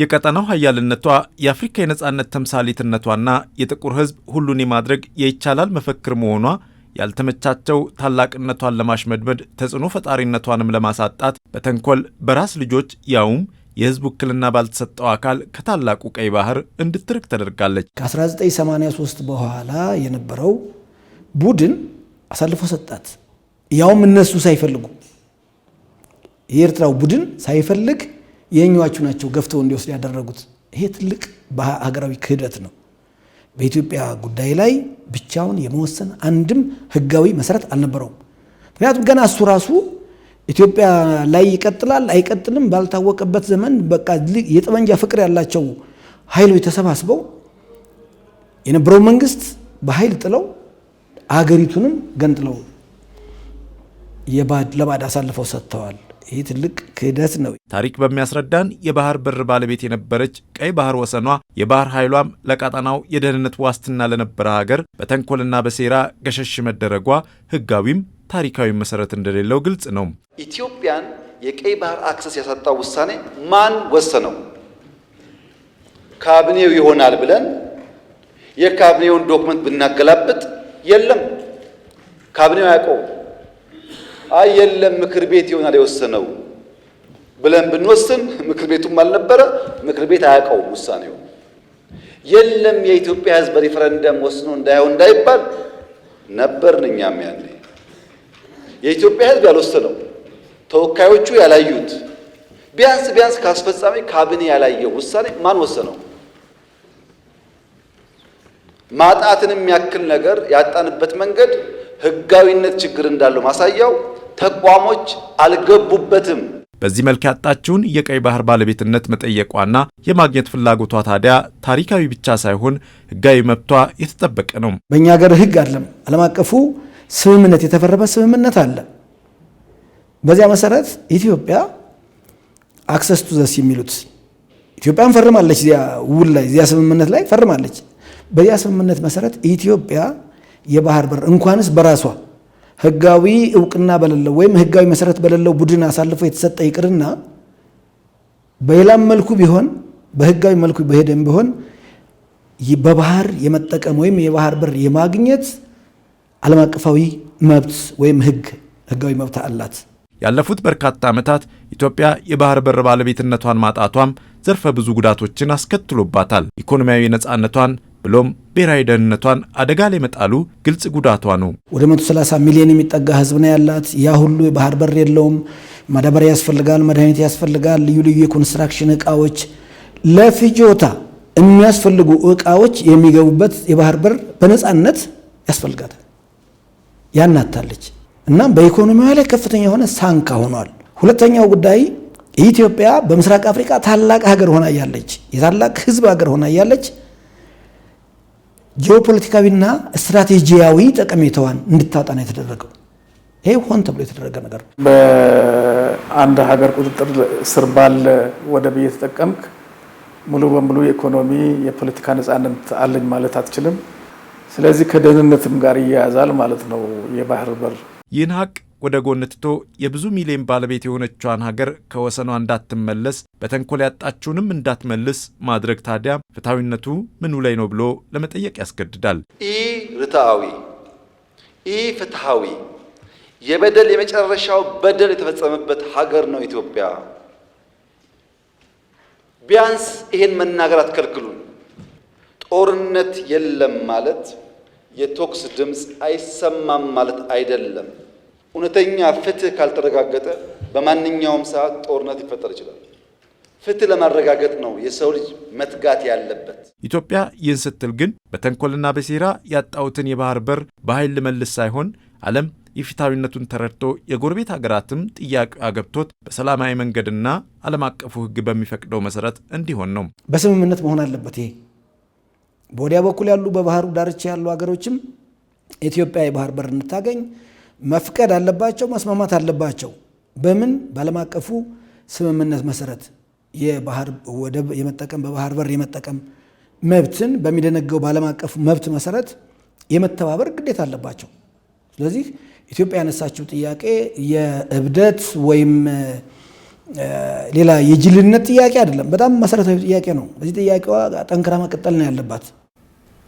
የቀጠናው ሀያልነቷ የአፍሪካ የነጻነት ተምሳሌትነቷና የጥቁር ሕዝብ ሁሉን የማድረግ የይቻላል መፈክር መሆኗ ያልተመቻቸው ታላቅነቷን ለማሽመድመድ ተጽዕኖ ፈጣሪነቷንም ለማሳጣት በተንኮል በራስ ልጆች ያውም የህዝብ ውክልና ባልተሰጠው አካል ከታላቁ ቀይ ባህር እንድትርቅ ተደርጋለች። ከ1983 በኋላ የነበረው ቡድን አሳልፎ ሰጣት። ያውም እነሱ ሳይፈልጉ የኤርትራው ቡድን ሳይፈልግ የኛዎቹ ናቸው ገፍተው እንዲወስድ ያደረጉት። ይሄ ትልቅ ሀገራዊ ክህደት ነው። በኢትዮጵያ ጉዳይ ላይ ብቻውን የመወሰን አንድም ህጋዊ መሰረት አልነበረውም። ምክንያቱም ገና እሱ ራሱ ኢትዮጵያ ላይ ይቀጥላል አይቀጥልም ባልታወቀበት ዘመን በቃ የጠመንጃ ፍቅር ያላቸው ኃይሎች ተሰባስበው የነበረው መንግስት በኃይል ጥለው አገሪቱንም ገንጥለው ለባዕድ አሳልፈው ሰጥተዋል። ይህ ትልቅ ክህደት ነው። ታሪክ በሚያስረዳን የባህር በር ባለቤት የነበረች ቀይ ባህር ወሰኗ የባህር ኃይሏም ለቀጠናው የደህንነት ዋስትና ለነበረ ሀገር በተንኮልና በሴራ ገሸሽ መደረጓ ህጋዊም ታሪካዊ መሰረት እንደሌለው ግልጽ ነው። ኢትዮጵያን የቀይ ባህር አክሰስ ያሳጣው ውሳኔ ማን ወሰነው? ካቢኔው ይሆናል ብለን የካቢኔውን ዶክመንት ብናገላብጥ የለም፣ ካቢኔው አያውቀውም። አይ የለም ምክር ቤት ይሆናል የወሰነው ብለን ብንወስን ምክር ቤቱም አልነበረ፣ ምክር ቤት አያውቀውም ውሳኔው። የለም የኢትዮጵያ ሕዝብ በሪፈረንደም ወስኖ እንዳይሆን እንዳይባል ነበርን እኛም ያኔ። የኢትዮጵያ ሕዝብ ያልወሰነው ተወካዮቹ ያላዩት ቢያንስ ቢያንስ ከአስፈጻሚ ካቢኔ ያላየው ውሳኔ ማን ወሰነው? ማጣትን የሚያክል ነገር ያጣንበት መንገድ ህጋዊነት ችግር እንዳለው ማሳያው ተቋሞች አልገቡበትም። በዚህ መልክ ያጣችውን የቀይ ባህር ባለቤትነት መጠየቋና የማግኘት ፍላጎቷ ታዲያ ታሪካዊ ብቻ ሳይሆን ሕጋዊ መብቷ የተጠበቀ ነው። በእኛ ሀገር ሕግ አለም ዓለም አቀፉ ስምምነት የተፈረመ ስምምነት አለ። በዚያ መሰረት ኢትዮጵያ አክሰስ ቱ ዘስ የሚሉት ኢትዮጵያን ፈርማለች። እዚያ ውል ላይ እዚያ ስምምነት ላይ ፈርማለች። በዚያ ስምምነት መሰረት ኢትዮጵያ የባህር በር እንኳንስ በራሷ ህጋዊ እውቅና በሌለው ወይም ህጋዊ መሰረት በሌለው ቡድን አሳልፎ የተሰጠ ይቅርና በሌላም መልኩ ቢሆን በህጋዊ መልኩ በሄደም ቢሆን በባህር የመጠቀም ወይም የባህር በር የማግኘት ዓለም አቀፋዊ መብት ወይም ህግ ህጋዊ መብት አላት። ያለፉት በርካታ ዓመታት ኢትዮጵያ የባህር በር ባለቤትነቷን ማጣቷም ዘርፈ ብዙ ጉዳቶችን አስከትሎባታል። ኢኮኖሚያዊ ነፃነቷን ብሎም ብሔራዊ ደህንነቷን አደጋ ላይ መጣሉ ግልጽ ጉዳቷ ነው። ወደ 130 ሚሊዮን የሚጠጋ ህዝብ ነው ያላት። ያ ሁሉ የባህር በር የለውም። ማዳበሪያ ያስፈልጋል፣ መድኃኒት ያስፈልጋል፣ ልዩ ልዩ የኮንስትራክሽን እቃዎች ለፍጆታ የሚያስፈልጉ እቃዎች የሚገቡበት የባህር በር በነፃነት ያስፈልጋታል። ያናታለች እና በኢኮኖሚዋ ላይ ከፍተኛ የሆነ ሳንካ ሆኗል። ሁለተኛው ጉዳይ ኢትዮጵያ በምስራቅ አፍሪካ ታላቅ ሀገር ሆና እያለች የታላቅ ህዝብ ሀገር ሆና እያለች ጂኦፖለቲካዊና ስትራቴጂያዊ ጠቀሜታዋን እንድታጣና የተደረገው ይሄ ሆን ተብሎ የተደረገ ነገር ነው። በአንድ ሀገር ቁጥጥር ስር ባለ ወደብ እየተጠቀምክ ሙሉ በሙሉ የኢኮኖሚ የፖለቲካ ነፃነት አለኝ ማለት አትችልም። ስለዚህ ከደህንነትም ጋር ይያያዛል ማለት ነው የባህር በር ይህን ሀቅ ወደ ጎን ትቶ የብዙ ሚሊዮን ባለቤት የሆነቿን ሀገር ከወሰኗ እንዳትመለስ በተንኮል ያጣችውንም እንዳትመልስ ማድረግ ታዲያ ፍትሐዊነቱ ምኑ ላይ ነው ብሎ ለመጠየቅ ያስገድዳል። ኢ ርትዓዊ ኢ ፍትሐዊ የበደል የመጨረሻው በደል የተፈጸመበት ሀገር ነው ኢትዮጵያ። ቢያንስ ይሄን መናገር አትከልክሉን። ጦርነት የለም ማለት የቶክስ ድምፅ አይሰማም ማለት አይደለም። እውነተኛ ፍትህ ካልተረጋገጠ በማንኛውም ሰዓት ጦርነት ሊፈጠር ይችላል። ፍትህ ለማረጋገጥ ነው የሰው ልጅ መትጋት ያለበት። ኢትዮጵያ ይህን ስትል ግን በተንኮልና በሴራ ያጣሁትን የባህር በር በኃይል ልመልስ ሳይሆን ዓለም የፊታዊነቱን ተረድቶ የጎረቤት ሀገራትም ጥያቄ አገብቶት በሰላማዊ መንገድና ዓለም አቀፉ ሕግ በሚፈቅደው መሰረት እንዲሆን ነው። በስምምነት መሆን አለበት። ይሄ በወዲያ በኩል ያሉ በባህሩ ዳርቻ ያሉ ሀገሮችም ኢትዮጵያ የባህር በር እንታገኝ መፍቀድ አለባቸው፣ መስማማት አለባቸው። በምን በዓለም አቀፉ ስምምነት መሰረት የባህር ወደብ የመጠቀም በባህር በር የመጠቀም መብትን በሚደነገው በዓለም አቀፉ መብት መሰረት የመተባበር ግዴታ አለባቸው። ስለዚህ ኢትዮጵያ ያነሳችው ጥያቄ የእብደት ወይም ሌላ የጅልነት ጥያቄ አይደለም። በጣም መሰረታዊ ጥያቄ ነው። በዚህ ጥያቄዋ ጠንክራ መቀጠል ነው ያለባት።